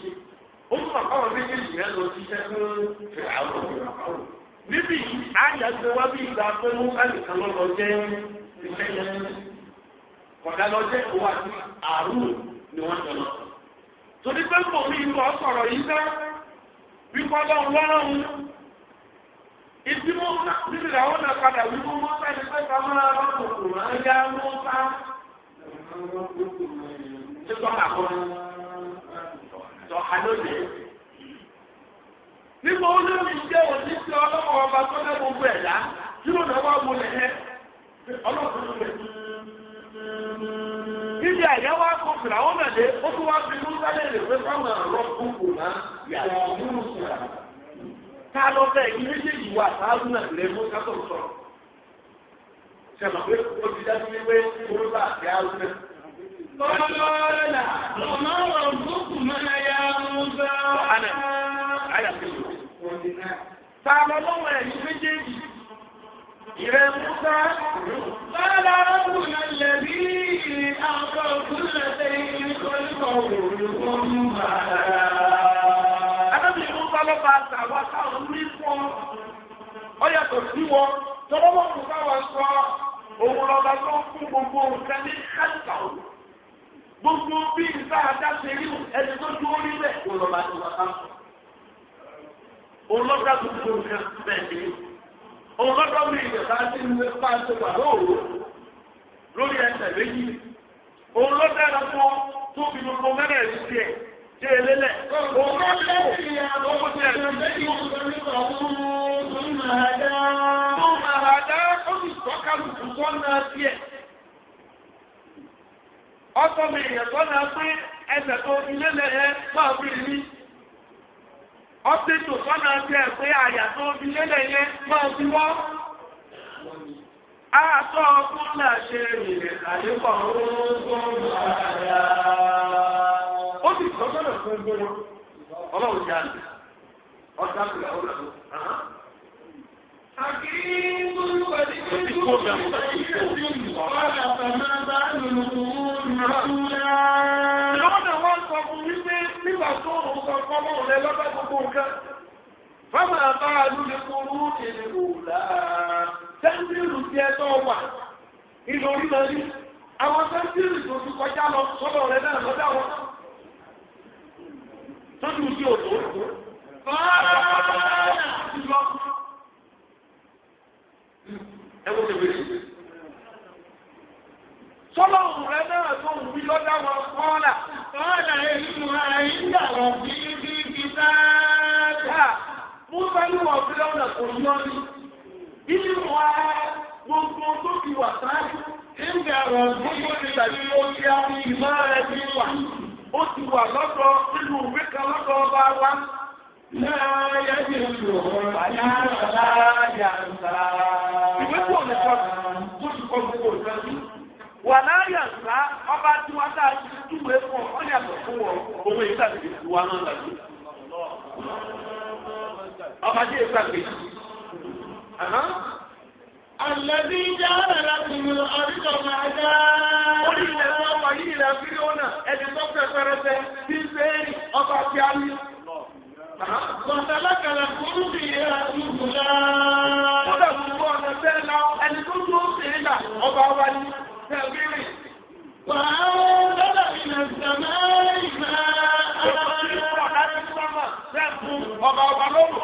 tún bàbá wọn méjèèjì yẹn lọ sí sẹ́kún rẹ̀ àwọn ọ̀rọ̀ níbi àyàgbé wa bí ìgbà pé mú kálíkan lọ́lọ́ jẹ́ ìfẹ́ yẹn kọ̀dá lọ jẹ́ òun àti àrùn ni wọ́n jọ lọ. torí pé kò ní ìlú ọ̀sọ̀rọ̀ yìí dá wípé ọlọ́run ìdí mọ́tà níbi làwọn náà padà wí fún mọ́tà ní pé kámọ́ra bá kòkò máa yá mọ́tà. ṣé tọ́ka kọ́ tọ́ka lóde. nígbà wọn náà jẹ́ òní ọba tó gbogbo ẹ̀ dá náà wá Níbi fìlà wọn náà dé, ó tún wá fi lè fẹ́ fáwọn àrọ́ kúkú náà yàtọ̀ ta lọ bẹ ẹyin méjèèjì wà sáárùn náà lè mú kátó sọ̀rọ̀ sẹmọ pé o ti dájú wípé olúbà àti àrùn náà. Kọ́lọ́lá ọmọ wọn bókù máa ya Musa. Ọ̀hánà ayà fi lò. Ta lọ lọ́wọ́ ẹ̀yin méjèèjì? Ìrẹ̀ Musa. Bọ́lá ọ̀gbùnà lẹ̀bí àwọn ọ̀gbùnà lẹ́yìn kọ́lùkọ̀ òòlù fún bàrà ọlọ́ba àtàwọn táwọn ní fún ọ yàtọ̀ sí wọn tọ́wọ́ wọn kò báwọn sọ òun lọ́ba tó ń fún gbogbo nǹkan ní kálíkà o gbogbo bí nǹkan àdáṣe rí ẹni tó dúró rí bẹ́ẹ̀ òun lọ́ba tó wà káńtó òun lọ́ba gbogbo nǹkan bẹ́ẹ̀ ni òun lọ́ba mi ìjọba ti ń pa ṣe wà lóòrò lórí ẹsẹ̀ méjì òun lọ́ba tó tóbi gbogbo mẹ́rẹ̀ẹ́rin tiẹ̀. tí elélẹ̀ òun náà tó máa pé ẹsẹ̀ tó ilé lẹ́yẹ máa fi rí. ọ̀sẹ̀ tó sọ́nà tiẹ̀ pé àyà tó ilé lẹ́yẹ máa fi wọ́. Àtọ́ ọkùnrin náà ṣe ìrìn ń àyà. ó sì tọ́ sọ́nà fún gbogbo wọn ọlọ́run ti àlè ọ̀sán àgbà ó lọ. Lọ́dọ̀ wọn sọ fún wípé nígbà tó òun sọ fún ọmọ rẹ lọ́dọ̀ gbogbo nǹkan. Fọ́mà bá a lóde kúrú ìlú là. Sẹ́ńtírù ti ẹjọ́ wà. Ìlú orí lọ rí. Àwọn sẹ́ńtírù tó ti kọjá lọ sọ́dọ̀ rẹ náà lọ́dọ̀ àwọn náà tóbi sí òtò òtò ẹ wọ́n tẹ̀wé sí. Sọ́lá òun rẹ̀ náà tó ń wí lọ́dá wọn kọ́ọ̀là. Kọ́ọ̀là èyí wà nígbà wọn bí bí bí sáájà. Musa ní wọn fi lọ́nà kò yọ ni. Ibi wà gbogbo tó fi wà sáájú. Nígbà wọn gbogbo ti tàbí ó kí á ní ìmọ̀ rẹ̀ ti wà. ó ti wà lọ́dọ̀ nínú ìwé kan lọ́dọ̀ ọba wa. Láyé ìlú Wà láyànsá ọba Ọba Àlẹ́bí jáde láti mú ọdún máa dá. Ó ní ilẹ̀ tó wà yìí ilẹ̀ Fílíọ́nà ẹni tó fẹ́ pẹrẹsẹ tí ń fẹ́ ọba tí a ní. Bọ̀dálàkàlà kúrú bí ìhàdùnkù náà. Ó dàbí wọ́n ọ̀nà bẹ́ẹ̀ lọ ẹni tó tún ṣe é là ọba wa ní Tẹ̀gbìrì. Wàá lọ́dà ìlẹ̀ sàmáà ìgbà. Ó ti sọ̀rọ̀ láti sọ́mà. Bẹ́ẹ̀ fún ọba ọba lọ́wọ́.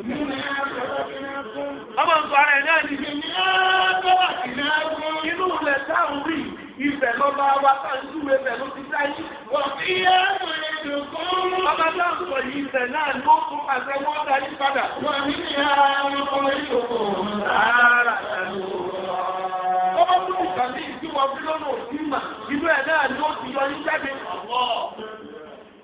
ọmọ nǹkan ara ẹ̀ náà ni. inú ilẹ̀ táwọn rí ibẹ̀ lọ́ba wa ká ń dúró ibẹ̀ ló ti sáyé. wọ́n fi yẹ́ ọ̀rẹ́ tó kún. ọba tó ń sọ yìí ibẹ̀ náà ló kún àṣẹ wọn darí padà. wọ́n fi yẹ́ ọ̀rẹ́ tó kún. rárá ẹ̀lú. ọba tó ń sọ ní ìdíwọ́ bílọ́nù òsì mà inú ẹ̀ náà ló ti yọ ní jáde.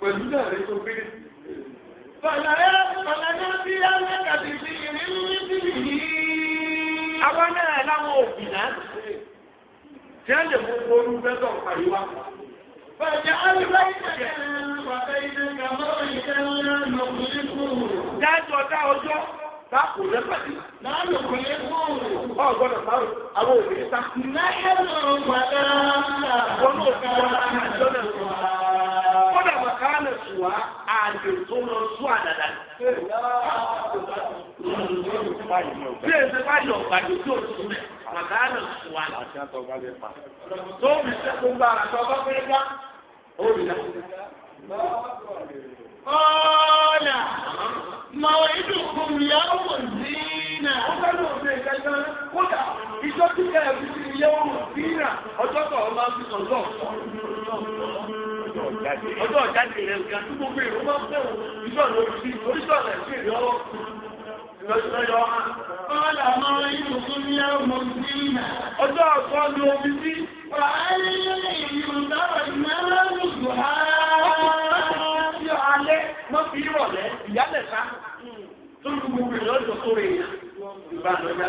pẹ̀lú náà rẹ tó gbé. Bàlàyé bàlàyé náà Tí a lè mú orú bẹ́tọ̀ pàdé wá. Bàjẹ́ alùpàdé ìjẹ́ wàtẹ́ ìdè kàmọ́ ìjẹ́ ńlá nọkùnrin kúrò. Dájọ́ dá ọjọ́ báàkù rẹ pàdé. Láàlù kò lè kúrò. Ọ̀ kánà sùnwá àlè tó lọ sún àdàdà. bí èsì báyìí ọ̀gbàdì tó sùn mẹ́ màkánà sùnwá. tó mi sẹ́kùn bá àtọ́ bá fẹ́ gbá ó rí la. kọ́ọ̀là màwé ìdùnkùn yàrá wò sí náà. ó fẹ́ lóun ṣe ìdájọ́ kódà ìjọ́ tí kẹ́hìn fi ti yẹ́wò sí náà ọjọ́ tó ọba fi sọ̀tọ̀ jáde. ọjọ́ jáde rẹ̀ gan gbogbo èrò máa ń bẹ̀rù ìṣọ̀nà oríṣi oríṣọ̀nà ẹ̀sìn ìrọ̀ lọ́yọ̀ hàn. Kọ́lá Ọjọ́ àgbọ̀ ni omi sí. Wà á rí ìlú náà náà lùdù á. Ọkùnrin náà alẹ́ mọ́ fi ìrọ̀lẹ́ ìyálẹ̀ Tó ń gbogbo ìrọ̀lẹ́ sórí ìgbà lọ́jà.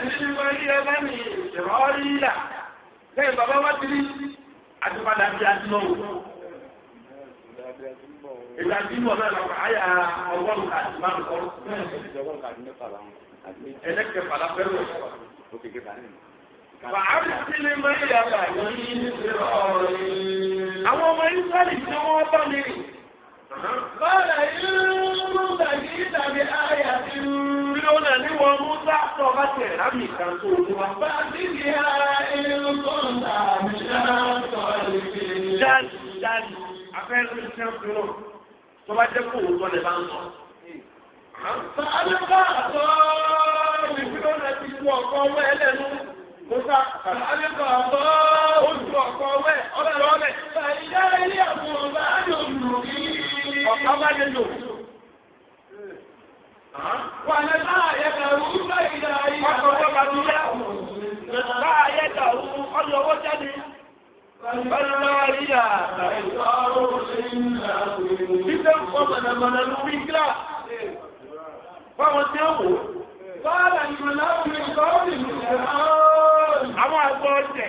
ní mọ ilé Àwọn ọmọ tí wọ́n bá rú tàbí ti rú. fíráwọn náà níwọ̀ mọ́tà tó bá tẹ̀ rábì kan tó wa. a ọba Wàlẹ̀ láàyè dàrú bẹ́ẹ̀ ìdá ayé. Ọkọ̀ owó kàdú yá. Láàyè dàrú ọyọ̀ owó jáde. Bẹ́ẹ̀ Àwọn ọ̀tẹ̀.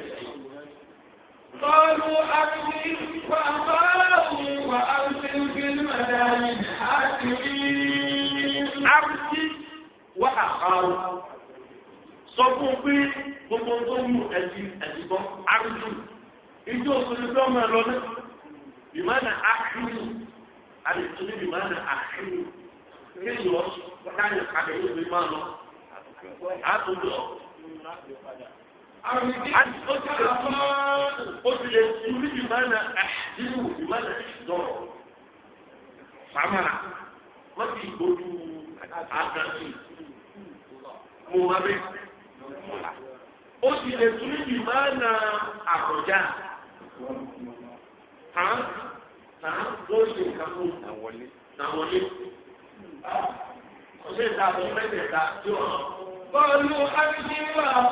قالوا أكل وأطاعوا وأرسل في المدائن حاكمين أرسل وأخاو sọ fún pé gbogbo tó mú ẹbí ẹdìbọ arúgbó ìjọ òṣèlú tó máa lọ náà bìmánà àkínú àdìsí ní bìmánà àkínú kéèyàn káyọ̀ kàdé yóò máa lọ àtúndọ̀ ó ti lè tu ní ìmọ̀nà àdínú ìmọ̀nà ìdọ̀rọ̀ pàmàrà wọ́n ti gbójú àgàtì mo máa bẹ ó ti lè tu ní ìmọ̀nà àkọjá tàn tàn lóṣù kankan nàwọlé nàwọlé ọ̀sẹ̀ ìta àti bọ́ọ̀lù abidjan wà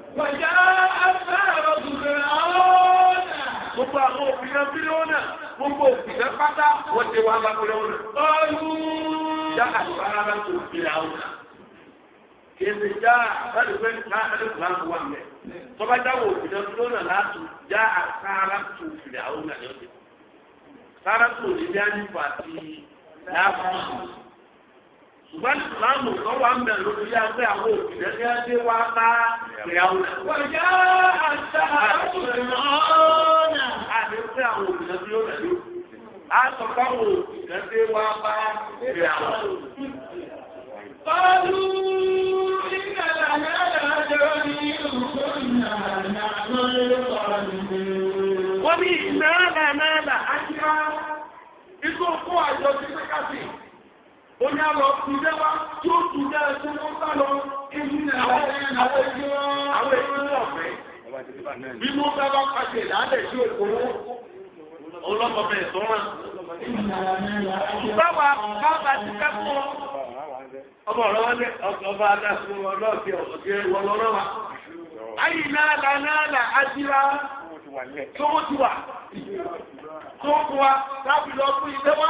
Wàjá àtàrà òṣùṣẹ́ àwọn Gbogbo àwọn òpìnà bílíọ̀nà, gbogbo òpìnà pátá, wọ́n ti wá lápúlẹ̀ ọ̀nà. Ọlú! Já àtàrà láti òpìnà ọ̀nà. Kèsì já àtàrà pé láàárín ìlànà wà mẹ́. Tọ́bá jáwọ̀ bílíọ̀nà láti já àtàrà tó lè bí ṣùgbọ́n ìsìláàmù tó wà ń bẹ̀ lórí yá pé àwọn òbílẹ̀ ní ẹdí wá bá ìyàwó rẹ̀. wọ́jà àṣà àṣùnà ọ̀nà. àti pé àwọn òbílẹ̀ tí ó rẹ̀ ló. a sọ fáwọn òbílẹ̀ tí wá bá ìyàwó. Fọ́lú ìgbàlá náà lọ́jọ́ ní ìrùkúnnà náà lọ́lẹ́ wọ́n ní náà onye alọ tùdẹ́wà tí ó tùdẹ́ tí na bá lọ ewu ní àwọn àwọn ìlú ọ̀fẹ́. bí mo bá bá pàṣẹ lálẹ́ sí òkòwò ọlọ́mọbẹ̀ sọ́ra. báwa báwa ti ọmọ ọba adásun ọlọ́ọ̀fẹ́ ti tó ti wà lọ fún ìdẹ́wà.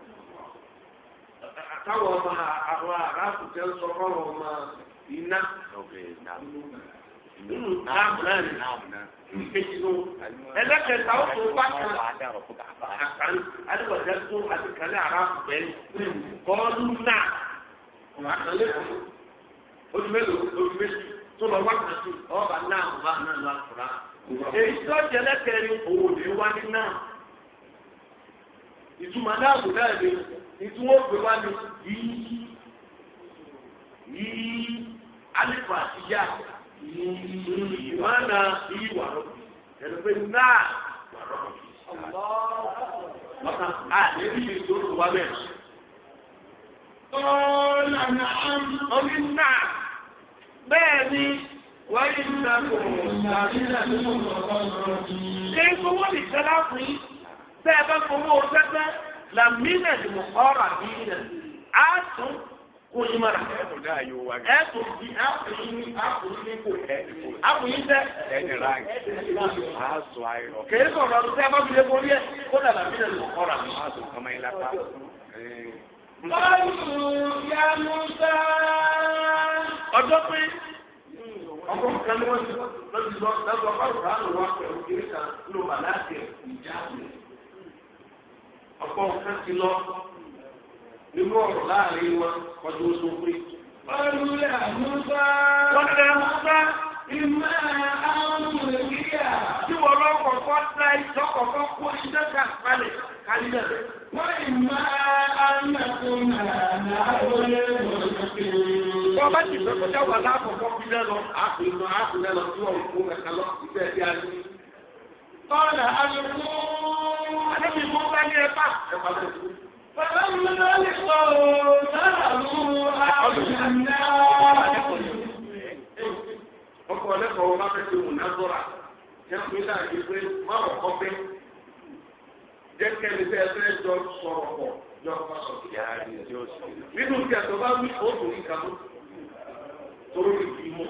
táwọn ọmọ àwọn aráàlú tẹ ń sọ fọlọ ọmọ iná nínú náàmù náà ni ìkejì ló ẹlẹ́kẹta ó tó bá kan àkàrí adébọ̀jẹ́ tó àti aráàlú bẹ́ẹ̀ kọ́ọ́lù náà mélòó méjì tó lọ wá kan sí ìtumọ̀ ògbé wa ni yìí yìí alifu àtijọ́ yìí wọn na yìí wà rọ̀bì ẹ̀rọ pé náà wà rọ̀bì. Mọ̀tàn àlẹ́ bí mi tó lù wá bẹ́ẹ̀. Ọ̀la na am omi náà bẹ́ẹ̀ ni wọ́n yìí ń sàkó tàbí tàbí mọ̀tàn ọ̀rọ̀ yìí. Ṣé ìfowó nìkan láàfin? Bẹ́ẹ̀ bá fowó sẹ́sẹ́ lamina ni mo kọ́ra bí nà á tún kún yín mara. ẹ tún di àkùnrin ní àkùnrin kò àkùnrin tẹ. ẹni ra a sọ ayọ. kèé sọ̀rọ̀ ọdún tí a bá fi lé borí ẹ kó nà lamina ni mo kọ́ra bí. a sọ kama ilá pa. Bọ́ọ̀lù ya Musa. Ọjọ́ pé ọkùnrin kan ni wọ́n ti lọ́ọ́ ti lọ́ọ́ lọ́ọ́ bá rùrù àlùwọ̀ pẹ̀lú kiri ló bà láti ẹ̀ ìjà rẹ̀ ọ̀pọ̀ nǹkan ti lọ nínú ọ̀rọ̀ láàrin wọn kọjú oṣù pé. olùlẹ̀ àmúgbá. wọ́n lè múgbá. ìmọ̀ àwọn olùgbéyà. tí wọ́n lọ kọ̀ọ̀kọ́ ta ìjọ kọ̀ọ̀kọ́ kó iṣẹ́ kà kalẹ̀ kalẹ̀. wọ́n ìmọ̀ àmàkùnà àwọn olùgbéyà. wọ́n bá ti fẹ́ kọjá wà láàkọ̀kọ́ fi lẹ́nu àpò ìmọ̀ àpò lẹ́nu tí wọ́n kó kàkà lọ ìgbẹ́ bí a ní kọ́ọ̀lá alùpùpù àdébí mú bẹ́ẹ̀ ẹ bá. Bàbá mi ló lè sọ òun náà mú àbùdá. Ọkọ̀ ọlẹ́kọ̀ọ́ wọn bá fẹ́ ṣe òun náà sọ̀rọ̀ ẹ̀kú ilé àti pé má wọ̀ kọ́ pé jẹ́ kẹ́mi tẹ́ ẹ fẹ́ jọ sọ̀rọ̀ pọ̀ jọ kọ́ sọ̀rọ̀ yàrá rẹ̀ tí ó sì Nínú ìgbà tó bá wí òògùn ìkàwé torí ìmọ̀.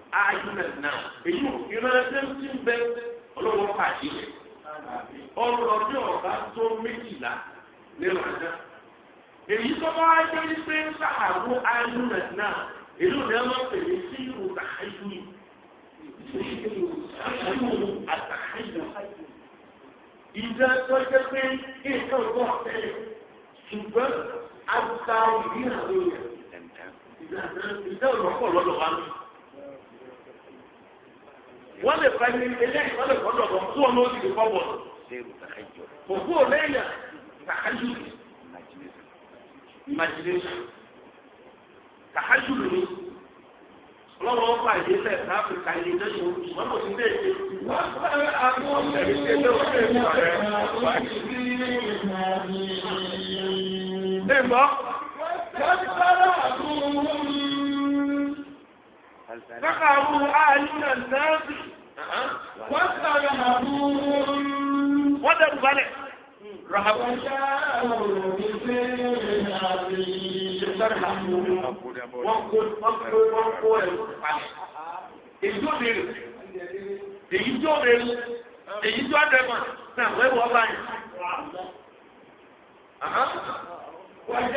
ayúlẹ̀ náà èyí ò ìrẹ́lẹ́sẹ̀ ti ń bẹ olówó pàdé rẹ̀ ọ̀rọ̀ bí ọ̀gá tó méjìlá nínú ẹ̀dá èyí tó bá wáyé ní pé sàhàwó ayúlẹ̀ náà èyí ò ní ẹ máa pèlè sí ìlú sàhàyù sàhàyù àtàhàyù ìjẹ́ tó jẹ́ pé kí nǹkan bọ̀ tẹ́lẹ̀ ṣùgbọ́n àgbà òbí hàn lóye ìjẹ́ òlọ́pọ̀ lọ́dọ̀ wá lóye wọ́n lè fẹ́ ní eléyìí wọ́n lè kọ́ dọ̀dọ̀ tó wọn ló ti kọ́ wọ̀. òkú ò lẹ́yìn kàkájú imagination kàkájú lòlù lọ́wọ́ ó fà yé ní áfíríkà yìí ṣe wọ́n kò sí léèké. Ṣé mọ́? Kọ́kàrú àyùnà náà wọ́n sọ̀rọ̀ àbúrò. wọ́n dẹrù balẹ̀. rahabu. wọ́n kó wọ́n kó ẹ̀rù palẹ̀. èyí tó bẹ̀rù èyí tó bẹ̀rù èyí tó dẹ̀mọ̀ náà wẹ́wọ́ báyìí. Ọlọ́run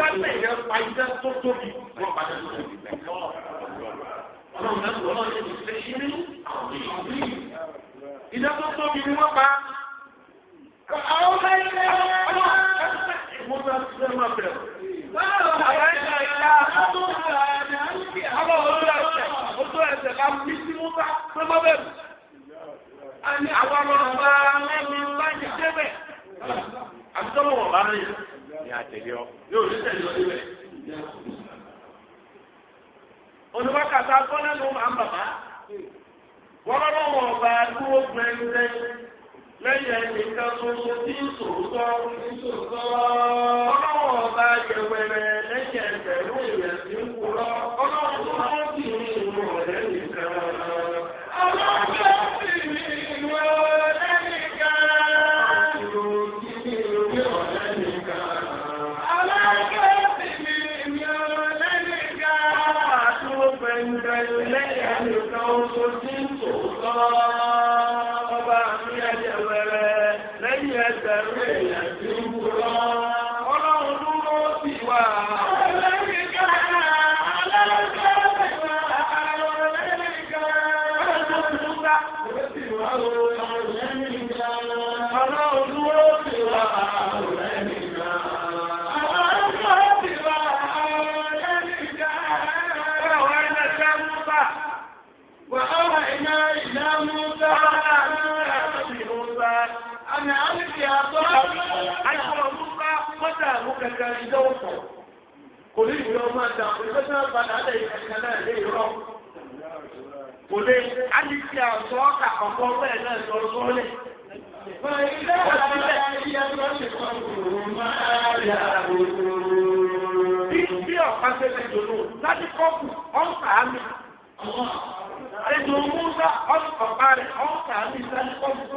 ká pè é pa iṣẹ́ tó tóbi wọ́n padà tó tóbi. Ọlọ́run náà sọ̀rọ̀ ní ìṣẹ́ ìṣẹ́ ìṣẹ́ tó tóbi ni wọ́n pa. Àwọn ọmọ ilé ọlọ́run ká pè é mo bá ṣe máa bẹ̀rẹ̀. Àwọn ẹ̀ṣẹ̀ ìyá ọlọ́run ọlọ́run ẹ̀ṣẹ̀ ọlọ́run ẹ̀ṣẹ̀ ká mí sí mú bá pé mọ́ bẹ̀rẹ̀. àwọn ọmọ ọba ẹni láti débẹ̀. àtúntò ọba rẹ ni àtẹlẹ ọ yóò ní ọ débẹ̀. olùbákàtà gbọ́dọ̀ ló máa ń bàbá. wọ́n bá ọba dúró gbẹ̀ngbẹ̀ lẹ́yìn ẹni kan tí ń sòótọ́. ọba yẹwẹrẹ lẹ́yìn ẹgbẹ̀rún ìrẹsì ń kúrọ́. tó àmì àlùfí àtọ́ àìkọ̀ọ̀lùkà pátá àmú kankan ìjọ òfò kò ní ìwé ọmọ àti àpòlùkọ́ tí wọ́n padà lè kankan náà lè rọ. kò lè àlùfí àtọ́ àkọ́kọ́ bẹ́ẹ̀ náà lọ sọ́ọ́lẹ̀. Bí ọ̀pá ṣe lè dòdò láti kọ́kù ọ̀sà mi. Ẹ̀dùn Musa ọ̀sà ọ̀pá rẹ̀ ọ̀sà mi sáré kọ́kù.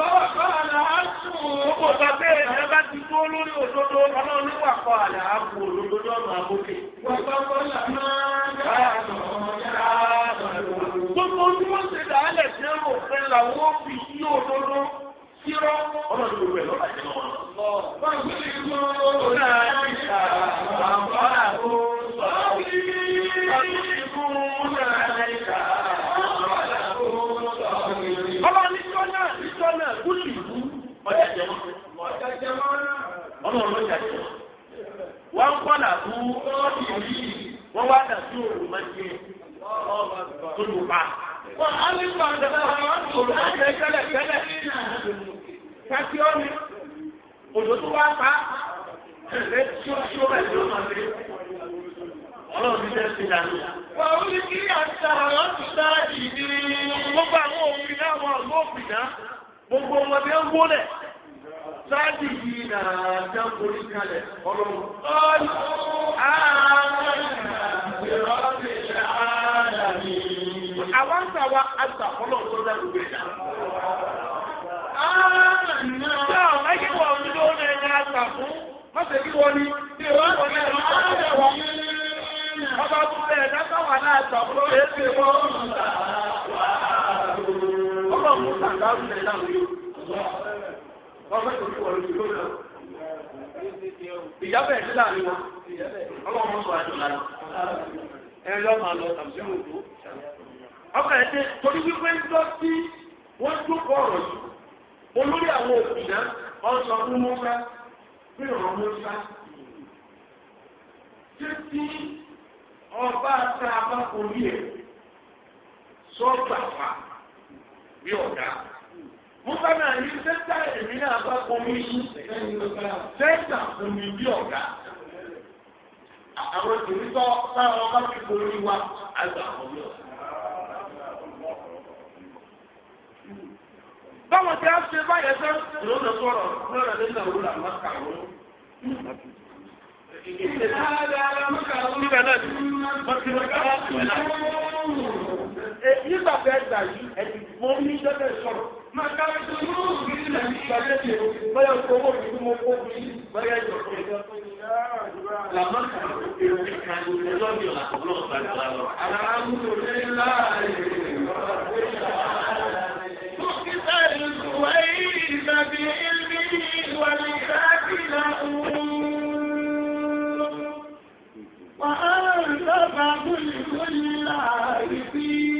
Báwa kọ́ àlà á sùn ẹ̀rọ bá ti dúró lórí òdodo ọlọ́run wà kọ́ Gbogbo tí wọ́n ṣe dàálẹ̀ sí ẹ̀rọ òfin làwọn fi yí òdodo sírọ́ ọlọ́run gbogbo ẹ̀ lọ́ba jẹ́ wọn. Báwo ni náà àwọn àbọ̀ ọjà jẹ wọn. wọ́n kọ́là fún ọ́ọ̀dì yìí wọ́n wá dà sí olùmọ̀jẹ olùpa. wọ́n á ní kí wọ́n dẹ̀bẹ̀ wọ́n tẹ́lẹ̀ tẹ́lẹ̀ ó ní wá pa ẹ̀ tí ó tí ó rẹ̀ máa ọlọ́run gbogbo wọn bí ń wọlé sáàdì yìí nà dá orí kalẹ̀ ọlọ́run. ọ̀lú àwọn ìrọ̀lẹ́ àlàyé. àwọn ń sà wá àgbà ọlọ́run tó dá lóore dá. náà ẹ̀yẹ wà onídó ní ẹni àgbà fún mọ̀sẹ̀ kí wọ́n ní. ìrọ̀lẹ́ àlàyé wọ́n ọba tó bẹ̀rẹ̀ dákọ̀ náà àgbà fún ẹgbẹ́ wọn àwọn sàǹdà àgùntàn náà lóyún. wọ́n fẹ́ torí wọ́n lójú lónìí lọ. ìyá bẹ̀rẹ̀ sí láàrin wọn. ọlọ́run sọ àjọ lára. ẹ lọ́ máa lọ tàbí òdo. ọkọ̀ ẹ̀ ṣe torí wípé ń lọ sí wọ́n dúpọ̀ ọ̀rọ̀ yìí. olórí àwọn òkú náà wọ́n sọ fún mọ́ká fún ìrọ̀ mọ́ká. ọba tá bá kò rí ẹ̀ sọ́gbà bí ọ̀gá. Musa náà ní sẹ́ńtà èmi náà bá omi sẹ́ńtà omi bí ọ̀gá. Àwọn ìdòwí tọ́ táwọn bá fi borí wa àgbà omi ọ̀gá. Báwo ti a ṣe báyẹn sẹ́? Lọ́nà sọ̀rọ̀ lọ́nà lẹ́yìn náà wúlò àwọn kàwọn. Ìgbésẹ̀ náà lọ́nà kàwọn. Ìgbésẹ̀ náà lọ́nà kàwọn nígbà fẹ́ gbà yìí ẹ̀dì mo ní jọ́tẹ̀ sọ̀rọ̀. Màá ká tó yóò rí ilẹ̀ ní ìgbàlẹ̀ mi o. Bọ́lá o owó mi tí mo kó mi bọ́lá ẹ̀jọ̀ fún mi. Làmọ́ kan èrè kan ẹjọ́ mi ò làkọ̀ lọ́wọ́ gbàgbà lọ. Alhamdulillah. وأنت فكل كل عارفين